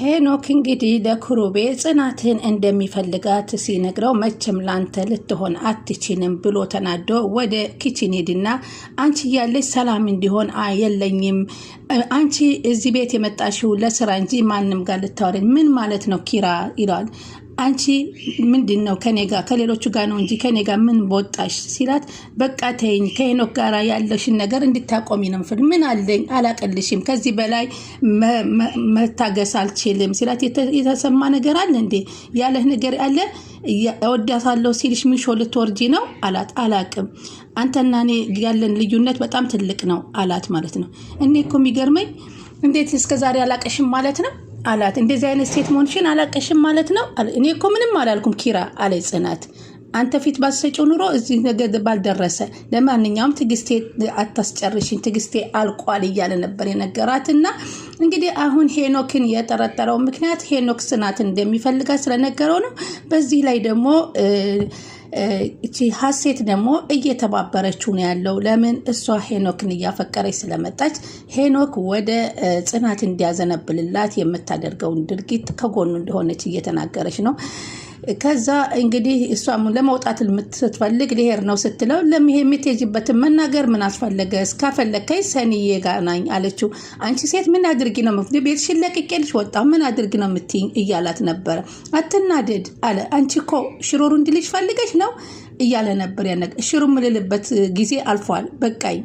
ሄኖክ እንግዲህ ለክሩቤ ጽናትን እንደሚፈልጋት ሲነግረው መቼም ላንተ ልትሆን አትችንም ብሎ ተናዶ ወደ ኪችን ሄድና አንቺ እያለች ሰላም እንዲሆን የለኝም አንቺ እዚህ ቤት የመጣሽው ለስራ እንጂ ማንም ጋር ልታወረኝ ምን ማለት ነው ኪራ ይለዋል። አንቺ ምንድን ነው ከኔ ጋር ከሌሎቹ ጋር ነው እንጂ ከኔ ጋር ምን በወጣሽ ሲላት፣ በቃ ተይኝ፣ ከሄኖክ ጋር ያለሽን ነገር እንድታቆሚ ነው ምፍል። ምን አለኝ አላቀልሽም፣ ከዚህ በላይ መታገስ አልችልም ሲላት፣ የተሰማ ነገር አለ እንዴ ያለህ ነገር አለ እወዳታለሁ ሲልሽ ምሾ ልትወርጂ ነው አላት። አላቅም አንተና እኔ ያለን ልዩነት በጣም ትልቅ ነው አላት ማለት ነው። እኔ እኮ የሚገርመኝ እንዴት እስከዛሬ አላቀሽም ማለት ነው አላት። እንደዚህ አይነት ሴት መሆንሽን አላቀሽም ማለት ነው። እኔ እኮ ምንም አላልኩም ኪራ አለ ጽናት። አንተ ፊት ባሰጪው ኑሮ እዚህ ነገር ባልደረሰ። ለማንኛውም ትግስቴ አታስጨርሽኝ፣ ትግስቴ አልቋል እያለ ነበር የነገራትና እንግዲህ አሁን ሄኖክን የጠረጠረው ምክንያት ሄኖክ ጽናትን እንደሚፈልጋት ስለነገረው ነው። በዚህ ላይ ደግሞ እቺ ሀሴት ደግሞ እየተባበረችው ነው ያለው። ለምን እሷ ሄኖክን እያፈቀረች ስለመጣች ሄኖክ ወደ ጽናት እንዲያዘነብልላት የምታደርገውን ድርጊት ከጎኑ እንደሆነች እየተናገረች ነው። ከዛ እንግዲህ እሷ ለመውጣት ስትፈልግ ልሄድ ነው ስትለው ለሚሄ የምትሄጂበትን መናገር ምን አስፈለገ? እስካፈለግከኝ ሰኒዬ ጋር ናኝ አለችው። አንቺ ሴት ምን አድርጊ ነው ምፍ ቤትሽን ለቅቄልሽ ወጣ ምን አድርጊ ነው የምትይኝ እያላት ነበረ። አትናደድ አለ። አንቺ እኮ ሽሮሩ እንድልሽ ፈልገች ነው እያለ ነበር። ያነ ሽሩ የምልልበት ጊዜ አልፏል፣ በቃኝ።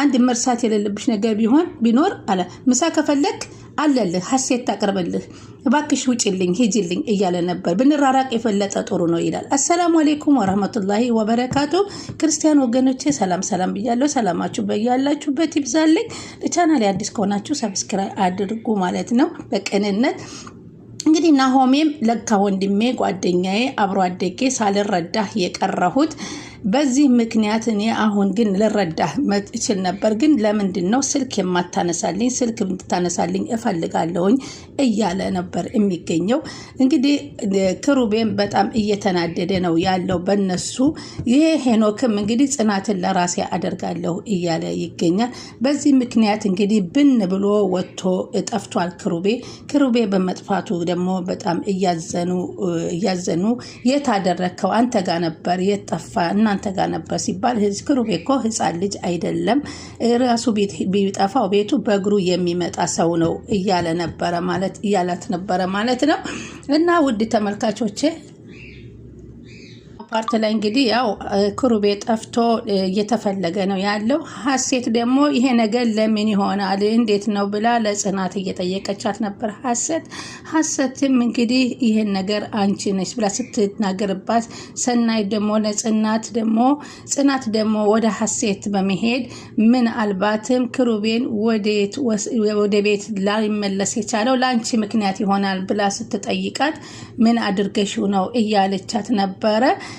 አንድ መርሳት የሌለብሽ ነገር ቢሆን ቢኖር አለ ምሳ ከፈለግ አለልህ፣ ሀሴት ታቅርብልህ፣ እባክሽ ውጭልኝ፣ ሂጅልኝ እያለ ነበር። ብንራራቅ የፈለጠ ጥሩ ነው ይላል። አሰላሙ አሌይኩም ወረህመቱላሂ ወበረካቱ። ክርስቲያን ወገኖቼ ሰላም ሰላም ብያለሁ። ሰላማችሁ በያላችሁበት ይብዛልኝ። ለቻናል አዲስ ከሆናችሁ ሰብስክራይ አድርጉ ማለት ነው በቅንነት እንግዲህ ናሆሜም ለካ ወንድሜ ጓደኛዬ አብሮ አደጌ ሳልረዳህ የቀረሁት በዚህ ምክንያት እኔ አሁን ግን ልረዳህ እችል ነበር፣ ግን ለምንድን ነው ስልክ የማታነሳልኝ? ስልክ እንድታነሳልኝ እፈልጋለሁኝ እያለ ነበር የሚገኘው። እንግዲህ ክሩቤን በጣም እየተናደደ ነው ያለው በነሱ። ይሄ ሄኖክም እንግዲህ ጽናትን ለራሴ አደርጋለሁ እያለ ይገኛል። በዚህ ምክንያት እንግዲህ ብን ብሎ ወጥቶ ጠፍቷል ክሩቤ። ክሩቤ በመጥፋቱ ደግሞ በጣም እያዘኑ እያዘኑ የት አደረግከው? አንተ ጋር ነበር የት ጠፋ እና እናንተ ጋር ነበር ሲባል ክሩቤ እኮ ህፃን ልጅ አይደለም፣ ራሱ ቢጠፋው ቤቱ በእግሩ የሚመጣ ሰው ነው እያለ ነበረ ማለት እያላት ነበረ ማለት ነው። እና ውድ ተመልካቾቼ ፓርት ላይ እንግዲህ ያው ክሩቤ ጠፍቶ እየተፈለገ ነው ያለው። ሀሴት ደግሞ ይሄ ነገር ለምን ይሆናል እንዴት ነው ብላ ለጽናት እየጠየቀቻት ነበር። ሀሴት ሀሴትም እንግዲህ ይሄን ነገር አንቺ ነች ብላ ስትናገርባት፣ ሰናይ ደግሞ ለጽናት ደግሞ ጽናት ደግሞ ወደ ሀሴት በመሄድ ምናልባትም ክሩቤን ወደ ቤት ላይመለስ የቻለው ለአንቺ ምክንያት ይሆናል ብላ ስትጠይቃት ምን አድርገሽው ነው እያለቻት ነበረ።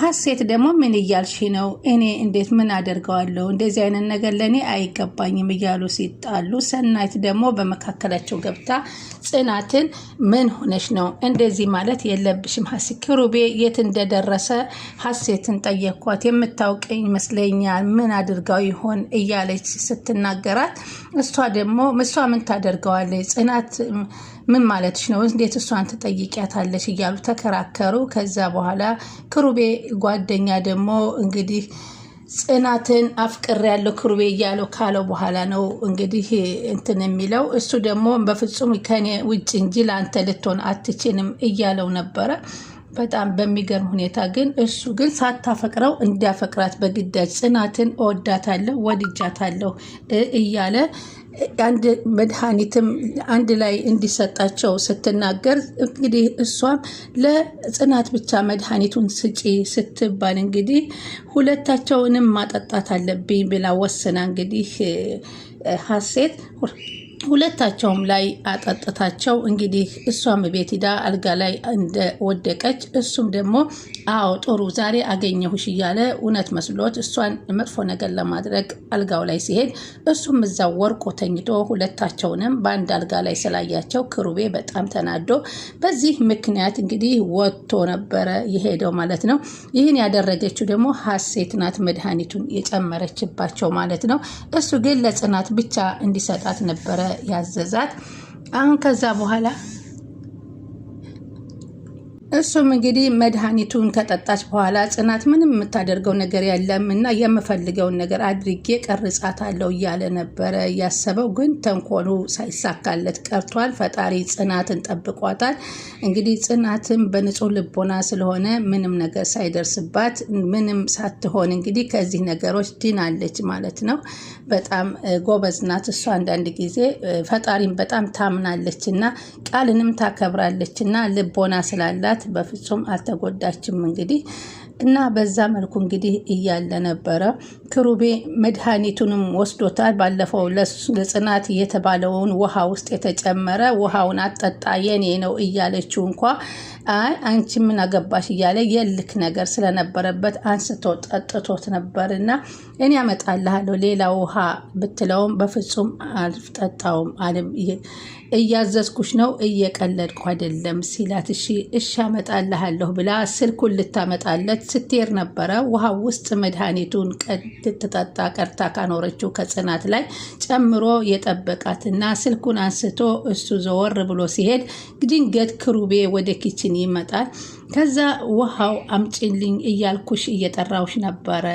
ሀሴት ደግሞ ምን እያልሽ ነው? እኔ እንዴት ምን አደርገዋለሁ? እንደዚህ አይነት ነገር ለእኔ አይገባኝም እያሉ ሲጣሉ፣ ሰናይት ደግሞ በመካከላቸው ገብታ ጽናትን ምን ሆነሽ ነው? እንደዚህ ማለት የለብሽም ሀሴ። ክሩቤ የት እንደደረሰ ሀሴትን ጠየኳት። የምታውቀኝ ይመስለኛል ምን አድርጋው ይሆን እያለች ስትናገራት፣ እሷ ደግሞ እሷ ምን ታደርገዋለች ጽናት ምን ማለትሽ ነው? እንዴት እሷን ትጠይቂያታለሽ? እያሉ ተከራከሩ። ከዛ በኋላ ክሩቤ ጓደኛ ደግሞ እንግዲህ ጽናትን አፍቅር ያለው ክሩቤ እያለው ካለው በኋላ ነው እንግዲህ እንትን የሚለው እሱ ደግሞ በፍጹም ከኔ ውጭ እንጂ ለአንተ ልትሆን አትችንም እያለው ነበረ። በጣም በሚገርም ሁኔታ ግን እሱ ግን ሳታፈቅረው እንዲያፈቅራት በግዳጅ ጽናትን እወዳታለሁ ወድጃታለሁ እያለ አንድ መድኃኒትም አንድ ላይ እንዲሰጣቸው ስትናገር እንግዲህ እሷም ለጽናት ብቻ መድኃኒቱን ስጪ ስትባል እንግዲህ ሁለታቸውንም ማጠጣት አለብኝ ብላ ወስና እንግዲህ ሀሴት ሁለታቸውም ላይ አጠጥታቸው እንግዲህ እሷም ቤት ሂዳ አልጋ ላይ እንደወደቀች እሱም ደግሞ አዎ ጥሩ ዛሬ አገኘሁሽ እያለ እውነት መስሎት እሷን መጥፎ ነገር ለማድረግ አልጋው ላይ ሲሄድ እሱም እዛው ወርቆ ተኝቶ ሁለታቸውንም በአንድ አልጋ ላይ ስላያቸው ክሩቤ በጣም ተናዶ በዚህ ምክንያት እንግዲህ ወጥቶ ነበረ የሄደው ማለት ነው። ይህን ያደረገችው ደግሞ ሀሴት ናት መድኃኒቱን የጨመረችባቸው ማለት ነው። እሱ ግን ለጽናት ብቻ እንዲሰጣት ነበረ ያዘዛት። አሁን ከዛ በኋላ እሱም እንግዲህ መድኃኒቱን ከጠጣች በኋላ ጽናት ምንም የምታደርገው ነገር የለም እና የምፈልገውን ነገር አድርጌ ቀርጻታለሁ እያለ ነበረ ያሰበው። ግን ተንኮሉ ሳይሳካለት ቀርቷል። ፈጣሪ ጽናትን ጠብቋታል። እንግዲህ ጽናትን በንጹህ ልቦና ስለሆነ ምንም ነገር ሳይደርስባት ምንም ሳትሆን እንግዲህ ከዚህ ነገሮች ድናለች ማለት ነው። በጣም ጎበዝ ናት እሷ። አንዳንድ ጊዜ ፈጣሪን በጣም ታምናለች እና ቃልንም ታከብራለች እና ልቦና ስላላት ሰዓት በፍጹም አልተጎዳችም። እንግዲህ እና በዛ መልኩ እንግዲህ እያለ ነበረ ክሩቤ መድኃኒቱንም ወስዶታል። ባለፈው ለጽናት የተባለውን ውሃ ውስጥ የተጨመረ ውሃውን አጠጣ የኔ ነው እያለችው እንኳ አይ አንቺ ምን አገባሽ እያለ የልክ ነገር ስለነበረበት አንስቶ ጠጥቶት ነበር እና እኔ ያመጣልሃለሁ ሌላ ውሃ ብትለውም በፍጹም አልጠጣውም አለም እያዘዝኩሽ ነው እየቀለድኩ አይደለም ሲላት፣ እሺ እሺ አመጣልሃለሁ ብላ ስልኩን ልታመጣለት ስትሄድ ነበረ ውሃ ውስጥ መድኃኒቱን ልትጠጣ ቀርታ ካኖረችው ከጽናት ላይ ጨምሮ የጠበቃትና ስልኩን አንስቶ እሱ ዘወር ብሎ ሲሄድ ድንገት ክሩቤ ወደ ኪችን ይመጣል። ከዛ ውሃው አምጪልኝ እያልኩሽ እየጠራውሽ ነበረ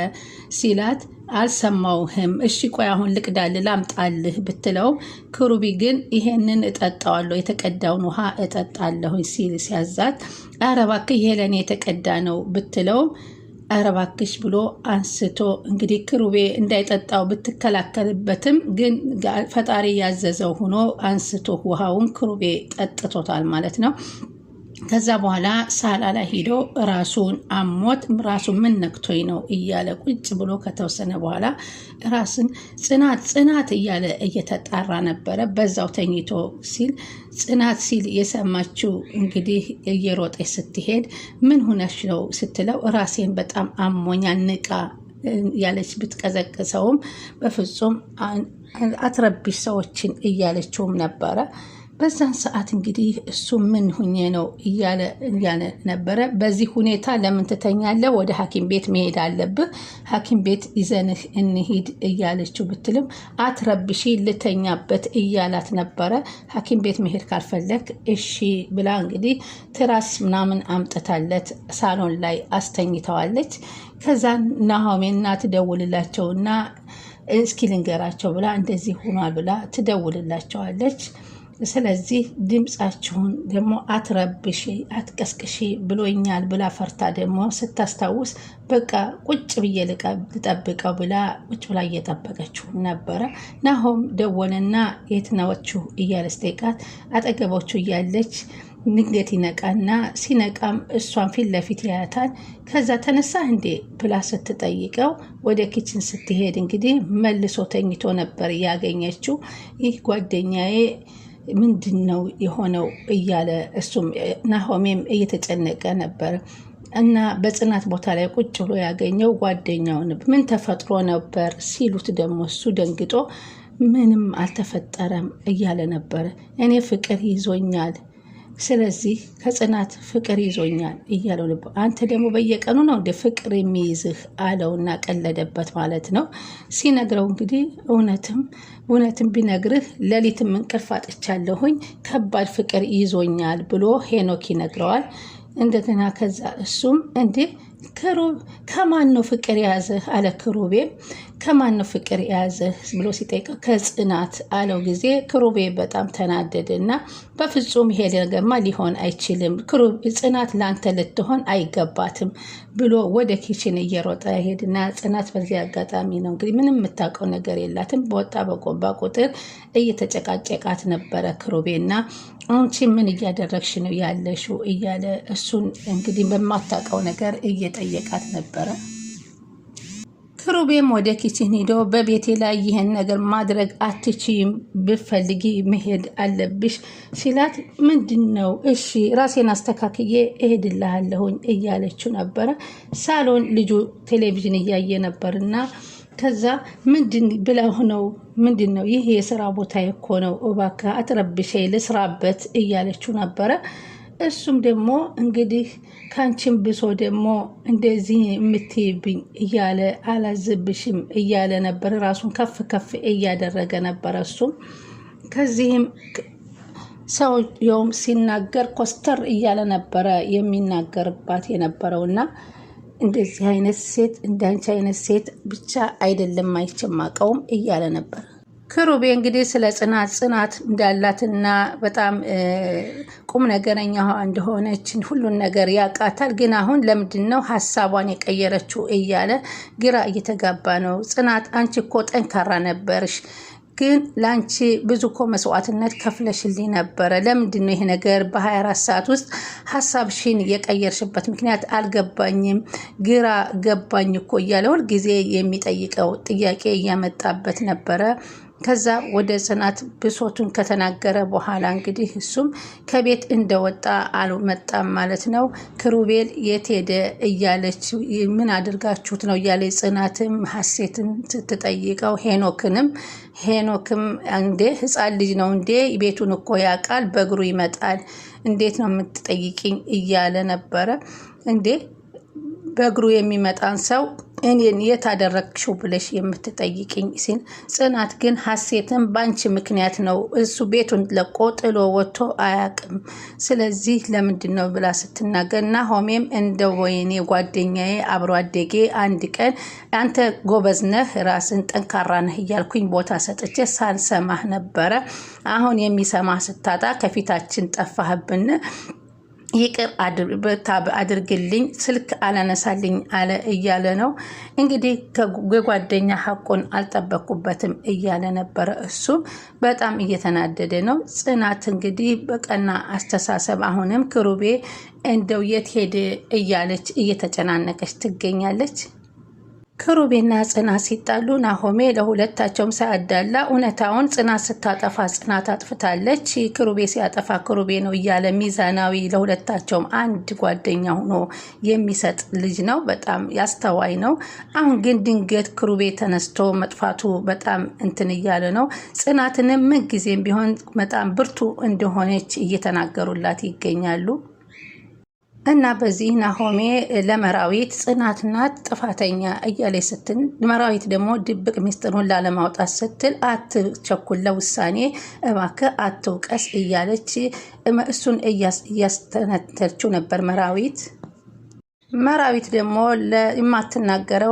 ሲላት አልሰማውህም። እሺ ቆይ አሁን ልቅዳል ላምጣልህ ብትለው ክሩቢ ግን ይሄንን እጠጣዋለሁ የተቀዳውን ውሃ እጠጣለሁኝ ሲል ሲያዛት፣ ኧረ እባክህ ይሄ ለእኔ የተቀዳ ነው ብትለው ኧረ እባክሽ ብሎ አንስቶ እንግዲህ ክሩቤ እንዳይጠጣው ብትከላከልበትም ግን ፈጣሪ ያዘዘው ሆኖ አንስቶ ውሃውን ክሩቤ ጠጥቶታል ማለት ነው። ከዛ በኋላ ሳላ ላይ ሄዶ ራሱን አሞት ራሱ ምን ነክቶኝ ነው እያለ ቁጭ ብሎ ከተወሰነ በኋላ ራስን ጽናት ጽናት እያለ እየተጣራ ነበረ። በዛው ተኝቶ ሲል ጽናት ሲል የሰማችው እንግዲህ እየሮጠች ስትሄድ ምን ሁነሽ ነው ስትለው ራሴን በጣም አሞኛ ንቃ ያለች ብትቀዘቅሰውም በፍጹም አትረቢሽ ሰዎችን እያለችውም ነበረ። በዛን ሰዓት እንግዲህ እሱ ምን ሁኜ ነው እያለ እያለ ነበረ። በዚህ ሁኔታ ለምን ትተኛለህ? ወደ ሐኪም ቤት መሄድ አለብህ፣ ሐኪም ቤት ይዘንህ እንሂድ እያለችው ብትልም አትረብሺ፣ ልተኛበት እያላት ነበረ። ሐኪም ቤት መሄድ ካልፈለግ እሺ ብላ እንግዲህ ትራስ ምናምን አምጥታለት ሳሎን ላይ አስተኝተዋለች። ከዛን ና ትደውልላቸውና እስኪ ልንገራቸው ብላ እንደዚህ ሆኗል ብላ ትደውልላቸዋለች። ስለዚህ ድምፃችሁን ደግሞ አትረብሺ፣ አትቀስቅሺ ብሎኛል ብላ ፈርታ ደግሞ ስታስታውስ በቃ ቁጭ ብዬ ልጠብቀው ብላ ቁጭ ብላ እየጠበቀችው ነበረ። ናሆም ደወለና የት ናችሁ እያለ ስጠይቃት አጠገቦቹ እያለች ንገት ይነቃና ሲነቃም እሷን ፊት ለፊት ያያታል። ከዛ ተነሳ እንዴ ብላ ስትጠይቀው ወደ ኪችን ስትሄድ እንግዲህ መልሶ ተኝቶ ነበር ያገኘችው ይህ ጓደኛዬ ምንድን ነው የሆነው እያለ እሱም ናሆሜም እየተጨነቀ ነበር እና በጽናት ቦታ ላይ ቁጭ ብሎ ያገኘው ጓደኛውን ምን ተፈጥሮ ነበር ሲሉት ደግሞ እሱ ደንግጦ ምንም አልተፈጠረም እያለ ነበር። እኔ ፍቅር ይዞኛል ስለዚህ ከጽናት ፍቅር ይዞኛል እያለው ልብ አንተ ደግሞ በየቀኑ ነው እንደ ፍቅር የሚይዝህ አለውና ቀለደበት ማለት ነው። ሲነግረው እንግዲህ እውነትም እውነትም ቢነግርህ ሌሊትም እንቅልፍ አጥቻለሁኝ ከባድ ፍቅር ይዞኛል ብሎ ሄኖክ ይነግረዋል። እንደገና ከዛ እሱም እንዲህ ከማን ነው ፍቅር የያዘህ አለ ክሩቤ። ከማን ነው ፍቅር የያዘህ ብሎ ሲጠይቀው ከጽናት አለው ጊዜ ክሩቤ በጣም ተናደደ እና በፍጹም ይሄ ነገርማ ሊሆን አይችልም፣ ጽናት ላንተ ልትሆን አይገባትም ብሎ ወደ ኪችን እየሮጠ ሄድና ጽናት በዚህ አጋጣሚ ነው እንግዲህ ምንም የምታውቀው ነገር የላትም። በወጣ በቆባ ቁጥር እየተጨቃጨቃት ነበረ ክሩቤና አንቺ ምን እያደረግሽ ነው ያለሽው እያለ እሱን እንግዲህ በማታውቀው ነገር እየጠየቃት ነበረ። ክሩቤም ወደ ኪችን ሂዶ በቤቴ ላይ ይህን ነገር ማድረግ አትችይም፣ ብፈልጊ መሄድ አለብሽ ሲላት ምንድን ነው እሺ ራሴን አስተካክዬ እሄድልሃለሁኝ እያለችው ነበረ። ሳሎን ልጁ ቴሌቪዥን እያየ ነበርና ከዛ ምንድን ብለው ነው ምንድን ነው ይህ የስራ ቦታ እኮ ነው እባክህ ልስራበት እያለችው ነበረ። እሱም ደግሞ እንግዲህ ካንቺን ብሶ ደግሞ እንደዚህ የምትይብኝ እያለ አላዝብሽም እያለ ነበር። ራሱን ከፍ ከፍ እያደረገ ነበር። እሱም ከዚህም ሰውየውም ሲናገር ኮስተር እያለ ነበረ የሚናገርባት የነበረውና እንደዚህ አይነት ሴት እንዳንቺ አይነት ሴት ብቻ አይደለም አይችማቀውም እያለ ነበር። ክሩቤ እንግዲህ ስለ ጽናት ጽናት እንዳላትና በጣም ቁም ነገረኛ እንደሆነች ሁሉን ነገር ያውቃታል። ግን አሁን ለምንድን ነው ሀሳቧን የቀየረችው እያለ ግራ እየተጋባ ነው። ጽናት አንቺ እኮ ጠንካራ ነበርሽ ግን ለአንቺ ብዙ እኮ መስዋዕትነት ከፍለሽልኝ ነበረ። ለምንድን ነው ይሄ ነገር በ24 ሰዓት ውስጥ ሀሳብሽን የቀየርሽበት ምክንያት አልገባኝም፣ ግራ ገባኝ እኮ እያለ ሁልጊዜ የሚጠይቀው ጥያቄ እያመጣበት ነበረ። ከዛ ወደ ጽናት ብሶቱን ከተናገረ በኋላ እንግዲህ እሱም ከቤት እንደወጣ አልመጣም ማለት ነው። ክሩቤል የት ሄደ እያለች ምን አድርጋችሁት ነው እያለ ጽናትም ሀሴትን ስትጠይቀው ሄኖክንም ሄኖክም እንዴ ህፃን ልጅ ነው እንዴ ቤቱን እኮ ያውቃል፣ በእግሩ ይመጣል፣ እንዴት ነው የምትጠይቅኝ እያለ ነበረ እንዴ በእግሩ የሚመጣን ሰው እኔን የት አደረግሽው ብለሽ የምትጠይቅኝ ሲል ጽናት ግን ሀሴትን በአንቺ ምክንያት ነው እሱ ቤቱን ለቆ ጥሎ ወጥቶ አያውቅም። ስለዚህ ለምንድን ነው ብላ ስትናገር ሆሜም እንደ ወይኔ ጓደኛዬ አብሮ አደጌ አንድ ቀን አንተ ጎበዝ ነህ፣ ራስን ጠንካራ ነህ እያልኩኝ ቦታ ሰጥቼ ሳልሰማህ ነበረ። አሁን የሚሰማህ ስታጣ ከፊታችን ጠፋህብን ይቅር አድርግልኝ ስልክ አላነሳልኝ አለ እያለ ነው እንግዲህ የጓደኛ ሀቁን አልጠበቁበትም እያለ ነበረ። እሱ በጣም እየተናደደ ነው። ጽናት እንግዲህ በቀና አስተሳሰብ አሁንም ክሩቤ እንደው የት ሄደ እያለች እየተጨናነቀች ትገኛለች። ክሩቤና ጽና ሲጣሉ ናሆሜ ለሁለታቸውም ሳያዳላ እውነታውን ጽና ስታጠፋ ጽና ታጥፍታለች፣ ክሩቤ ሲያጠፋ ክሩቤ ነው እያለ ሚዛናዊ ለሁለታቸውም አንድ ጓደኛ ሆኖ የሚሰጥ ልጅ ነው። በጣም ያስተዋይ ነው። አሁን ግን ድንገት ክሩቤ ተነስቶ መጥፋቱ በጣም እንትን እያለ ነው። ጽናትንም ምን ጊዜም ቢሆን በጣም ብርቱ እንደሆነች እየተናገሩላት ይገኛሉ። እና በዚህ ናሆሜ ለመራዊት ጽናት ጥፋተኛ እያለች ስትል መራዊት ደግሞ ድብቅ ሚስጥሩን ላለማውጣት ስትል አትቸኩል፣ ለውሳኔ እባክ አትውቀስ እያለች እሱን እያስተነተችው ነበር መራዊት መራዊት ደግሞ የማትናገረው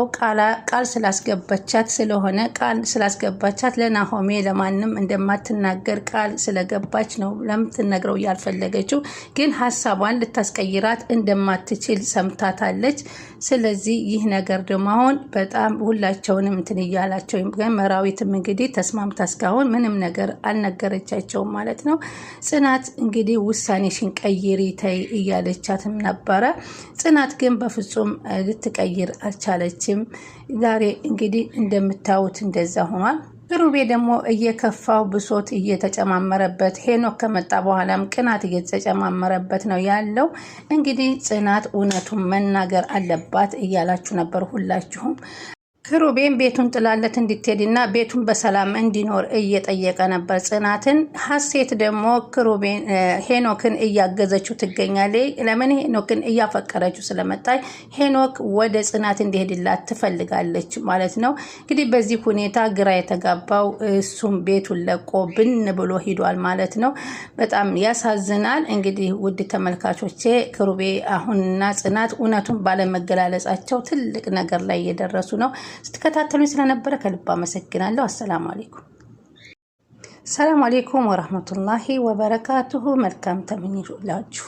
ቃል ስላስገባቻት ስለሆነ ቃል ስላስገባቻት ለናሆሜ ለማንም እንደማትናገር ቃል ስለገባች ነው ለምትነግረው እያልፈለገችው፣ ግን ሀሳቧን ልታስቀይራት እንደማትችል ሰምታታለች። ስለዚህ ይህ ነገር ደግሞ አሁን በጣም ሁላቸውንም እንትን እያላቸው መራዊትም እንግዲህ ተስማምታ እስካሁን ምንም ነገር አልነገረቻቸውም ማለት ነው። ጽናት እንግዲህ ውሳኔሽን ቀይሪ ተይ እያለቻትም ነበረ ጽናት ግን በፍጹም ልትቀይር አልቻለችም። ዛሬ እንግዲህ እንደምታዩት እንደዛ ሆኗል። ሩቤ ደግሞ እየከፋው ብሶት እየተጨማመረበት ሄኖክ ከመጣ በኋላም ቅናት እየተጨማመረበት ነው ያለው። እንግዲህ ጽናት እውነቱን መናገር አለባት እያላችሁ ነበር ሁላችሁም። ክሩቤን ቤቱን ጥላለት እንድትሄድና ቤቱን በሰላም እንዲኖር እየጠየቀ ነበር ጽናትን። ሀሴት ደግሞ ክሩቤን ሄኖክን እያገዘችው ትገኛለች። ለምን ሄኖክን እያፈቀረችው ስለመጣች ሄኖክ ወደ ጽናት እንዲሄድላት ትፈልጋለች ማለት ነው። እንግዲህ በዚህ ሁኔታ ግራ የተጋባው እሱም ቤቱን ለቆ ብን ብሎ ሂዷል ማለት ነው። በጣም ያሳዝናል። እንግዲህ ውድ ተመልካቾቼ ክሩቤ አሁንና ጽናት እውነቱን ባለመገላለጻቸው ትልቅ ነገር ላይ እየደረሱ ነው። ስትከታተሉኝ ስለነበረ ከልብ አመሰግናለሁ። አሰላሙ አሌይኩም። ሰላም አሌይኩም ወረህመቱላሂ ወበረካቱሁ። መልካም ተመኝላችሁ